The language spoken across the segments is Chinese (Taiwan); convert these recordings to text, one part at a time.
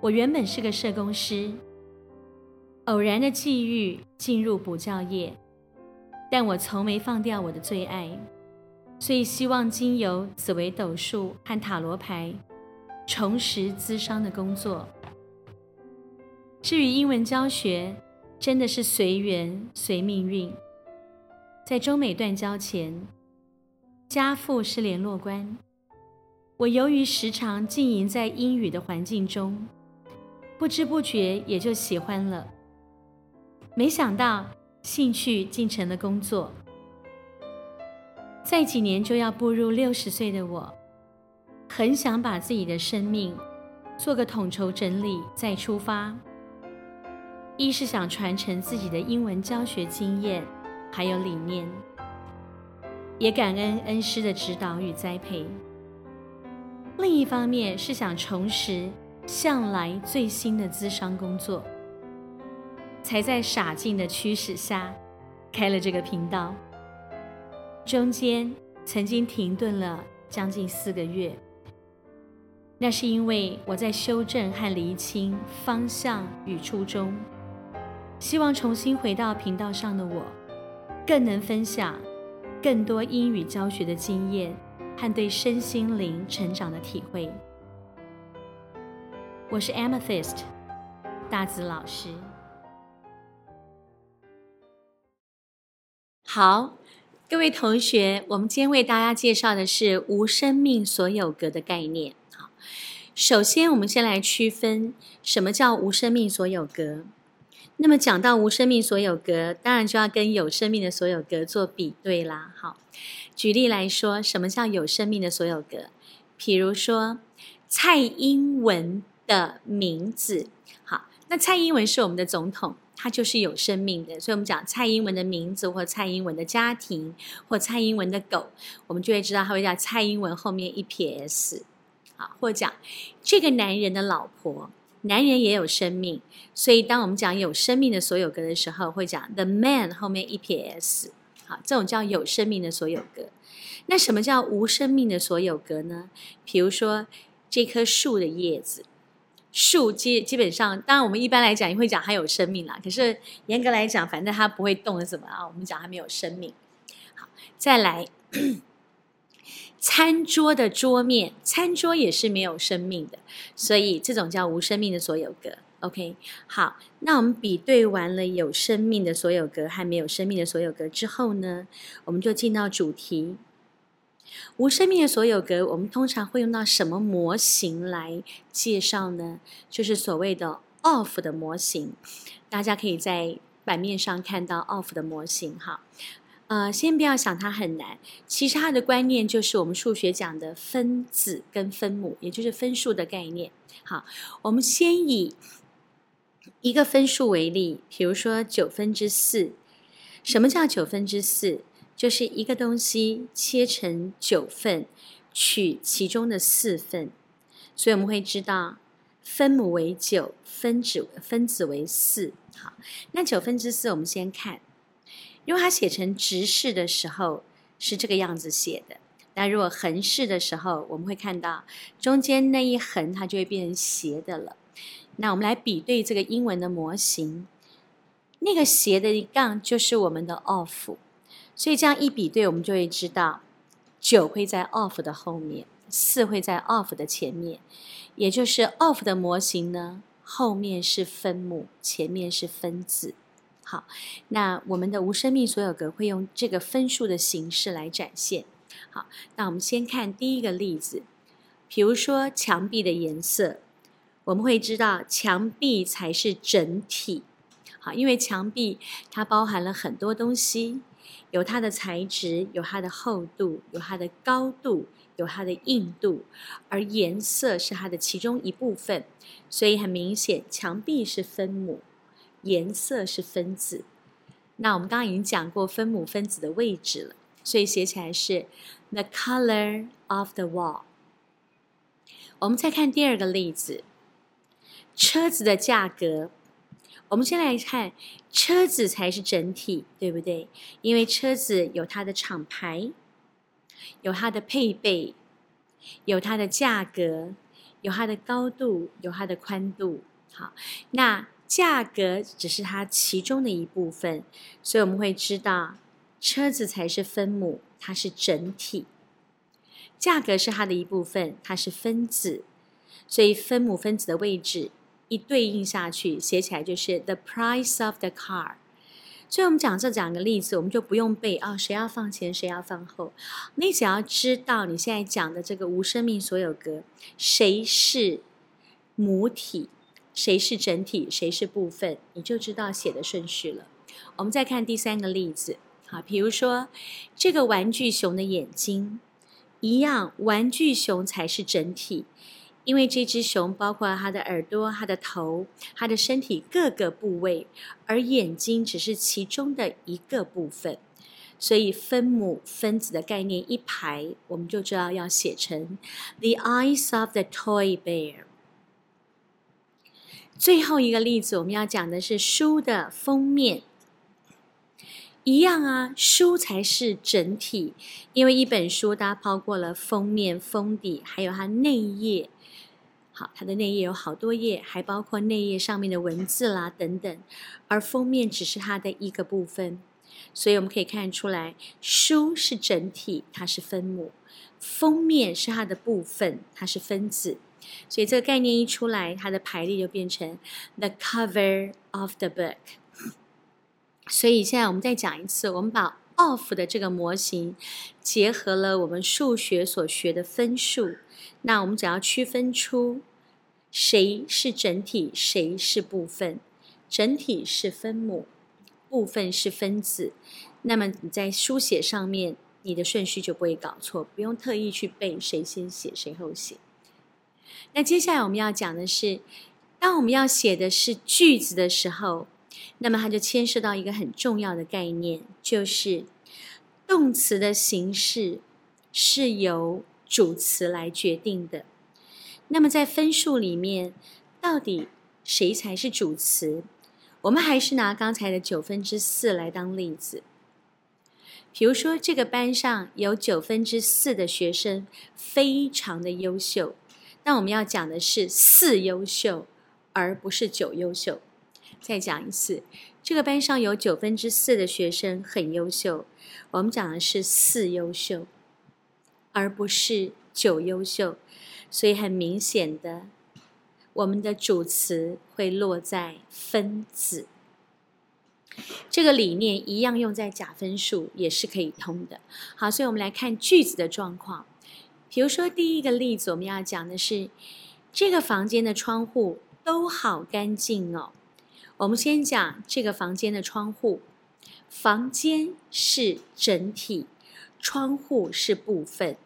我原本是個社工師，偶然的際遇進入補教業，但我從沒放掉我的最愛，所以希望經由紫微斗數和塔羅牌，重拾諮商的工作。至於英文教學，真的是隨緣隨命運。在中美斷交前，家父是聯絡官。我由於時常浸淫在英語的環境中，不知不覺也就喜歡了。沒想到興趣竟成了工作。再幾年就要步入六十歲的我，很想把自己的生命做個統籌整理再出發。一是想傳承自己的英文教學經驗，還有理念，也感恩恩師的指導與栽培。另一方面是想重拾向來最新的諮商工作，才在傻勁的驅使下開了這個頻道。中間曾經停頓了將近四個月，那是因為我在修正和釐清方向與初衷，希望重新回到頻道上的我，更能分享更多英語教學的經驗，和對身心靈成長的體會。我是 Amethyst 大紫老師。好，各位同學，我們今天為大家介紹的是無生命所有格的概念。好，首先我們先來區分什麼叫無生命所有格。那麼講到無生命所有格，當然就要跟有生命的所有格做比對啦。好，舉例來說，什麼叫有生命的所有格？比如說蔡英文的名字。好，那蔡英文是我們的總統，她就是有生命的，所以我們講蔡英文的名字，或蔡英文的家庭，或蔡英文的狗，我們就會知道他會叫蔡英文後面一撇 s。好，或講這個男人的老婆。男人也有生命，所以當我們講有生命的所有格的時候，會講 the man 後面一撇 s。好，這種叫有生命的所有格。那什麼叫無生命的所有格呢？比如說這棵樹的葉子，樹基基本上，當然我們一般來講，也會講它有生命啦。可是嚴格來講，反正它不會動的，怎麼啊？我們講它沒有生命。好，再來。餐桌的桌面，餐桌也是沒有生命的，所以這種叫無生命的所有格。OK，好，那我們比對完了有生命的所有格和沒有生命的所有格之後呢，我們就進到主題。無生命的所有格，我們通常會用到什麼模型來介紹呢？就是所謂的 “of” 的模型。大家可以在版面上看到 “of” 的模型，哈。呃，先不要想它很難。其實它的觀念就是我們數學講的分子跟分母，也就是分數的概念。好，我們先以一個分數為例，比如說九分之四。什麼叫九分之四？就是一個東西切成九份，取其中的四份。所以我們會知道，分母為九，分子分子為四。好，那九分之四，我們先看。因為它寫成直式的時候是這個樣子寫的，那如果橫式的時候，我們會看到中間那一橫它就會變成斜的了。那我們來比對這個英文的模型，那個斜的一槓就是我們的 of，所以這樣一比對，我們就會知道九會在 of 的後面，四會在 of 的前面，也就是 of 的模型呢，後面是分母，前面是分子。好，那我們的無生命所有格會用這個分數的形式來展現好，那我們先看第一個例子，比如說牆壁的顏色，我們會知道牆壁才是整體。好，因為牆壁它包含了很多東西，有它的材質，有它的厚度，有它的高度，有它的硬度，而顏色是它的其中一部分，所以很明顯，牆壁是分母。顏色是分子，那我們剛剛已經講過分母分子的位置了，所以寫起來是 the color of the wall。我們再看第二個例子，車子的價格，我們先來看車子才是整體，對不對？因為車子有它的廠牌，有它的配備，有它的價格，有它的高度，有它的寬度。好，那。價格只是它其中的一部分，所以我們會知道，車子才是分母，它是整體，價格是它的一部分，它是分子，所以分母分子的位置一對應下去，寫起來就是 the price of the car。所以我們講這兩個例子，我們就不用背啊、哦，誰要放前，誰要放後，你只要知道你現在講的這個無生命所有格，誰是母體？誰是整體，誰是部分，你就知道寫的順序了。我們再看第三個例子，好，比如說這個玩具熊的眼睛，一樣，玩具熊才是整體，因為這隻熊包括它的耳朵、它的頭、它的身體各個部位，而眼睛只是其中的一個部分。所以分母分子的概念一排，我們就知道要寫成，mm hmm. The eyes of the toy bear。最後一個例子，我們要講的是書的封面。一樣啊，書才是整體，因為一本書，它包括了封面、封底，還有它內頁。好，它的內頁有好多頁，還包括內頁上面的文字啦等等。而封面只是它的一個部分，所以我們可以看出來，書是整體，它是分母；封面是它的部分，它是分子。所以這個概念一出來，它的排列就變成 the cover of the book。所以現在我們再講一次，我們把 of 的這個模型結合了我們數學所學的分數。那我們只要區分出誰是整體，誰是部分，整體是分母，部分是分子。那麼你在書寫上面，你的順序就不會搞錯，不用特意去背誰先寫誰後寫。那接下來我們要講的是，當我們要寫的是句子的時候，那麼它就牽涉到一個很重要的概念，就是動詞的形式是由主詞來決定的。那麼在分數裡面，到底誰才是主詞？我們還是拿剛才的九分之四來當例子。比如說，這個班上有九分之四的學生非常的優秀。那我們要講的是四優秀，而不是九優秀。再講一次，這個班上有九分之四的學生很優秀。我們講的是四優秀，而不是九優秀。所以很明顯的，我們的主詞會落在分子。這個理念一樣用在假分數也是可以通的。好，所以我們來看句子的狀況。比如說，第一個例子我們要講的是，這個房間的窗戶都好乾淨哦。我們先講這個房間的窗戶，房間是整體，窗戶是部分，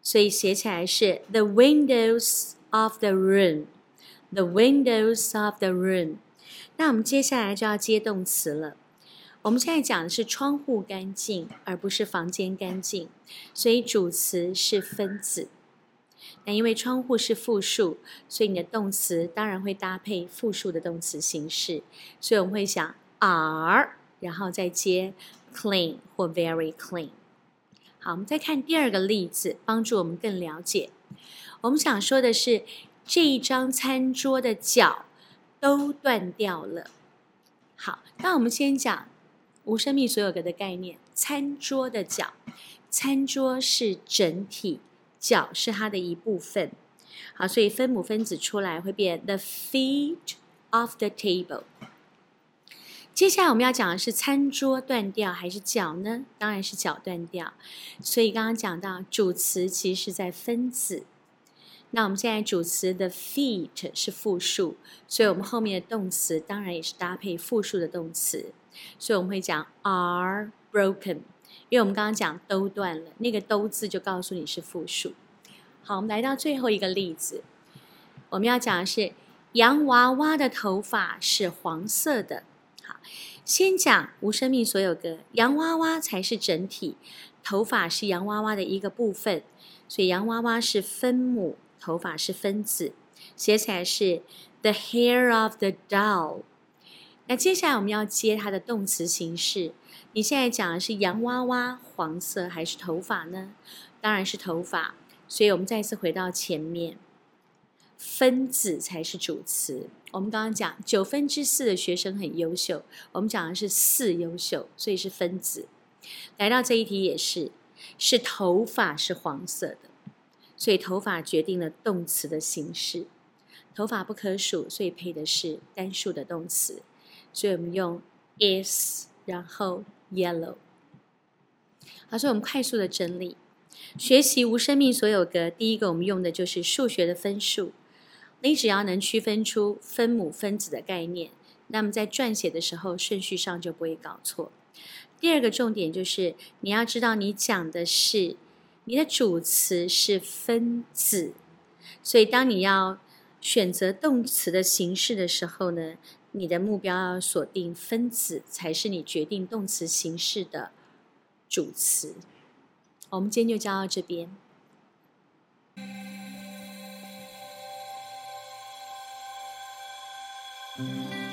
所以寫起來是 the windows of the room，the windows of the room。那我們接下來就要接動詞了。我們現在講的是窗戶乾淨，而不是房間乾淨，所以主詞是分子。那因為窗戶是複數，所以你的動詞當然會搭配複數的動詞形式。所以我們會想 are，然後再接 clean 或 very clean。好，我們再看第二個例子，幫助我們更了解。我們想說的是這一張餐桌的腳都斷掉了。好，那我們先講。無生命所有格的概念，餐桌的腳，餐桌是整體，腳是它的一部分。好，所以分母分子出來會變 the feet of the table。接下來我們要講的是餐桌斷掉還是腳呢？當然是腳斷掉。所以剛剛講到主詞其實是在分子。那我們現在主詞的 feet 是複數，所以我們後面的動詞當然也是搭配複數的動詞，所以我們會講 are broken，因為我們剛剛講都斷了，那個都字就告訴你是複數。好，我們來到最後一個例子，我們要講的是洋娃娃的頭髮是黃色的。好，先講無生命所有格，洋娃娃才是整體，頭髮是洋娃娃的一個部分，所以洋娃娃是分母。頭髮是分子，寫起來是 the hair of the doll。那接下來我們要接它的動詞形式。你現在講的是洋娃娃，黃色還是頭髮呢？當然是頭髮。所以我們再次回到前面，分子才是主詞。我們剛剛講九分之四的學生很優秀，我們講的是四優秀，所以是分子。來到這一題也是，是頭髮是黃色的。所以頭髮決定了動詞的形式。頭髮不可數，所以配的是單數的動詞。所以我們用 is，然後 yellow。好，所以我們快速的整理。學習無生命所有格，第一個我們用的就是數學的分數。你只要能區分出分母、分子的概念，那麼在撰寫的時候順序上就不會搞錯。第二個重點就是你要知道你講的是。你的主詞是分子，所以當你要選擇動詞的形式的時候呢，你的目標要鎖定分子才是你決定動詞形式的主詞。我們今天就教到這邊。嗯。